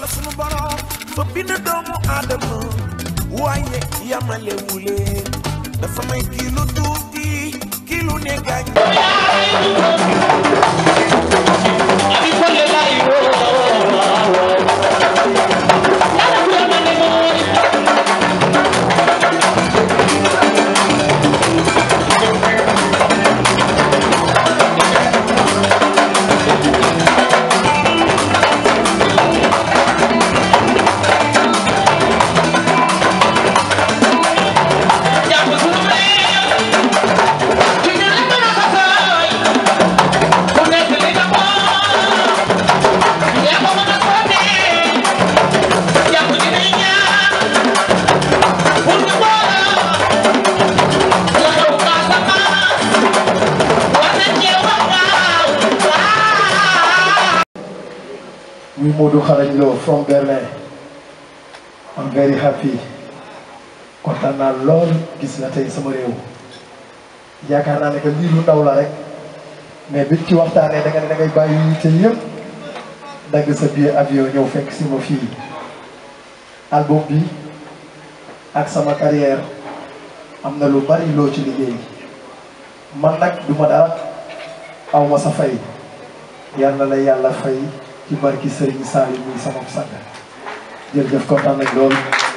yàlla sunu borom fa bind doomu aadama waaye yamale wu dafa may kii lu tuuti kii lu ne We Modou Kharaglo from lool gis na tey sama réew yaakaar naa ne que lii lu ndaw la rek mais bi ci waxtaanee da nga ne da ngay bàyyi yitte yëpp dagg sa billet avion ñëw fekk si ma fii album bi ak sama carrière am na lu bari loo ci liggéey man nag du ma dara sa fay yàlla la yàlla fay ci ki Serigne Saliou muy sama sàkk jërëjëf kontaan nañ loolu